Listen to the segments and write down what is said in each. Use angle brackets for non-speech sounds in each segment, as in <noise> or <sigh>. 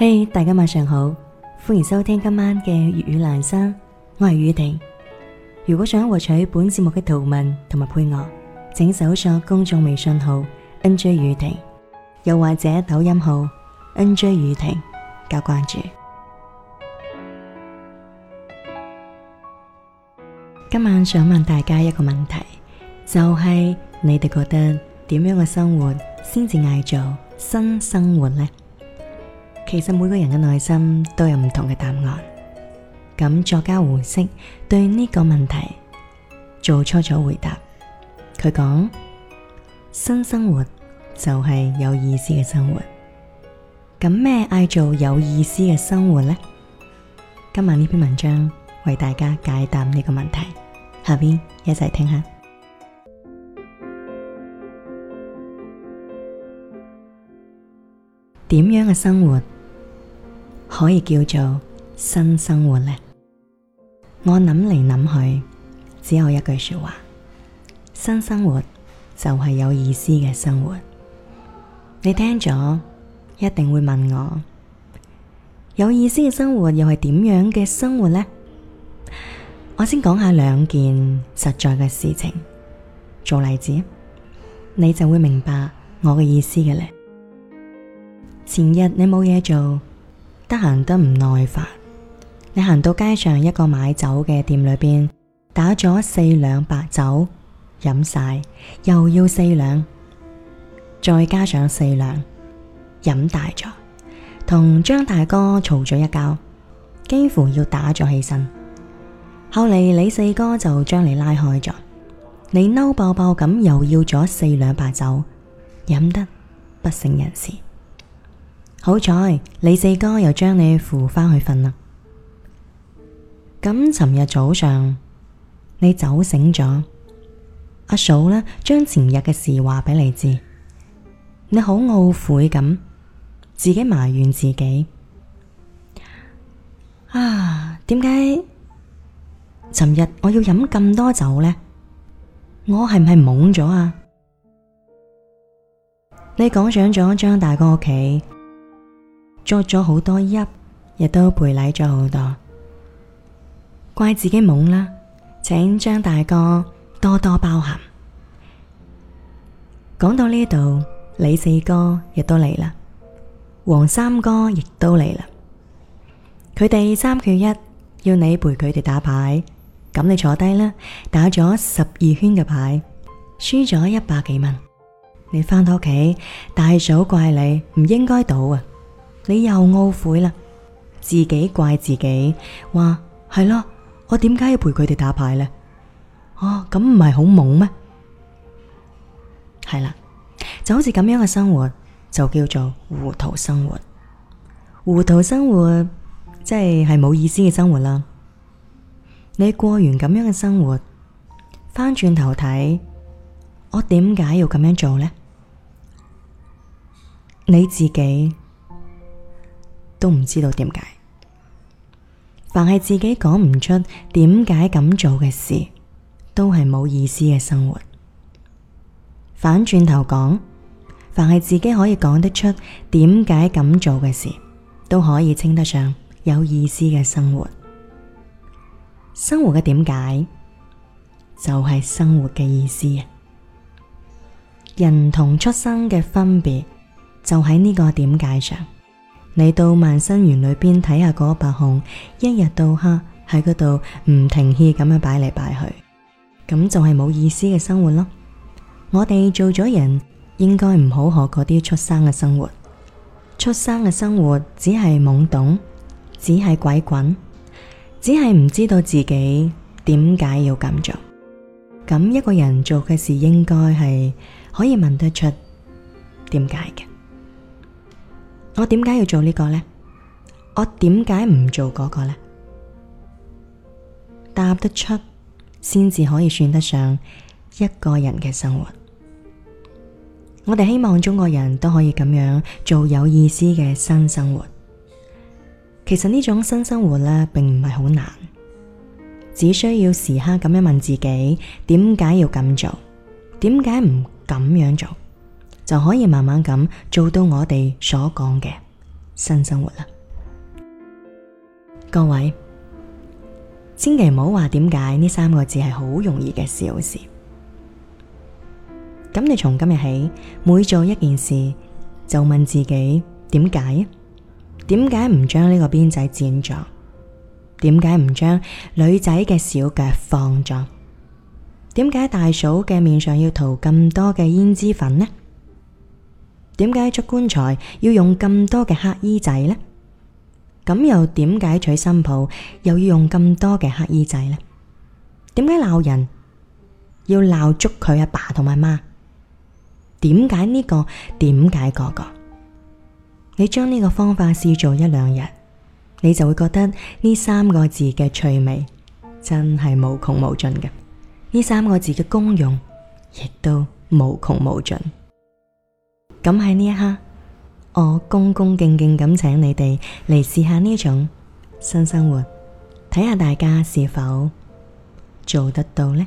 嘿，大家晚上好，歡迎收聽今晚嘅粵語蘭山，我係宇婷。如果想獲取本節目嘅圖文同埋配樂，請搜索公眾微信號 NJ 宇婷，又或者抖音號 NJ 宇婷，加關注。今晚想問大家一個問題，就係你哋覺得點樣嘅生活先至嗌做新生活呢？其實每個人嘅內心都有唔同嘅答案。咁作家胡適對呢個問題做出咗回答，佢講，新生活就係有意思嘅生活。咁咩叫做有意思嘅生活呢？今晚呢篇文章為大家解答呢個問題，下面一齊聽下點樣嘅生活可以叫做新生活咧？我諗嚟諗去，只有一句說話：新生活就係有意思嘅生活。你聽咗，一定會問我：有意思嘅生活又係點樣嘅生活咧？我先講下兩件實在嘅事情做例子，你就會明白我嘅意思嘅咧。前日你冇嘢做。得閒得唔耐煩，你行到街上一個買酒嘅店裏邊，打咗四兩白酒飲晒，又要四兩，再加上四兩，飲大咗，同張大哥嘈咗一交，幾乎要打咗起身。後嚟李四哥就將你拉開咗，你嬲爆爆咁又要咗四兩白酒，飲得不省人事。好彩，李四哥又將你扶翻去瞓啦。咁尋日早上你酒醒咗，阿嫂呢，將前日嘅事話俾你知，你好懊悔咁，自己埋怨自己。啊，點解尋日我要飲咁多酒呢？我係唔係懵咗啊？你趕上咗張大哥屋企。作咗好多揖，亦都賠禮咗好多，怪自己懵啦，請張大哥多多包涵。講到呢度，李四哥亦都嚟啦，王三哥亦都嚟啦，佢哋三缺一，要你陪佢哋打牌，咁你坐低啦，打咗十二圈嘅牌，輸咗一百幾蚊，你翻到屋企，大嫂怪你唔應該賭啊！你又懊悔啦，自己怪自己，話係咯，我點解要陪佢哋打牌咧？哦，咁唔係好懵咩？係啦，就好似咁樣嘅生活就叫做糊塗生活，糊塗生活即係係冇意思嘅生活啦。你過完咁樣嘅生活，翻轉頭睇，我點解要咁樣做咧？你自己。都唔知道點解，凡係自己講唔出點解咁做嘅事，都係冇意思嘅生活。反轉頭講，凡係自己可以講得出點解咁做嘅事，都可以稱得上有意思嘅生活。生活嘅點解，就係生活嘅意思啊！人同畜生嘅分別，就喺呢個點解上。你到萬牲園裏邊睇下嗰個白熊，一日到黑喺嗰度唔停歇咁樣擺嚟擺去，咁就係冇意思嘅生活咯。我哋做咗人，應該唔好學嗰啲畜生嘅生活。畜生嘅生活只係懵懂，只係鬼滾，只係唔知道自己點解要咁做。咁一個人做嘅事，應該係可以問得出點解嘅。我點解要做呢個呢？我點解唔做嗰個呢？答得出先至可以算得上一個人嘅生活。我哋希望中國人都可以咁樣做有意思嘅新生活。其實呢種新生活咧，並唔係好難，只需要時刻咁樣問自己：點解要咁做？點解唔咁樣做？就可以慢慢咁做到我哋所講嘅新生活啦。各位千祈唔好話點解呢三個字係好容易嘅小事。咁你從今日起，每做一件事就問自己點解？點解唔將呢個辮仔剪咗？點解唔將女仔嘅小腳放咗？點解大嫂嘅面上要塗咁多嘅胭脂粉呢？點解出棺材要用咁多嘅黑衣仔呢？咁又點解娶新抱又要用咁多嘅黑衣仔呢？點解鬧人要鬧捉佢阿爸同埋媽？點解呢個？點解嗰個？你將呢個方法試做一兩日，你就會覺得呢三個字嘅趣味真係無窮無盡嘅，呢三個字嘅功用亦都無窮無盡。咁喺呢一刻，我恭恭敬敬咁請你哋嚟試下呢種新生活，睇下大家是否做得到咧？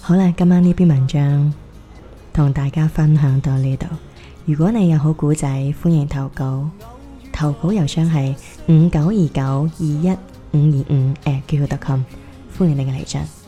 好啦，今晚呢篇文章同大家分享到呢度。如果你有好古仔，歡迎投稿。投稿郵箱係五九二九二一五二五 @QQ.com，歡迎你嘅嚟信。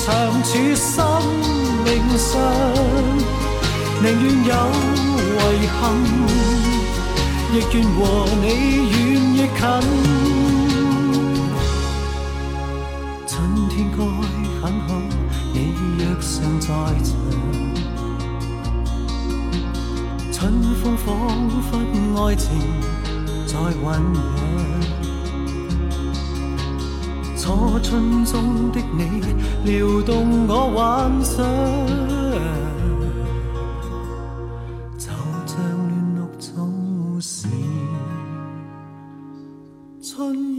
長處生命上，寧願有遺憾，亦願和你遠亦近。 <noise> 春天該很好，你若尚在場，春風仿佛愛情在醞釀。我心中的你，撩動我幻想，就像嫩綠草時春。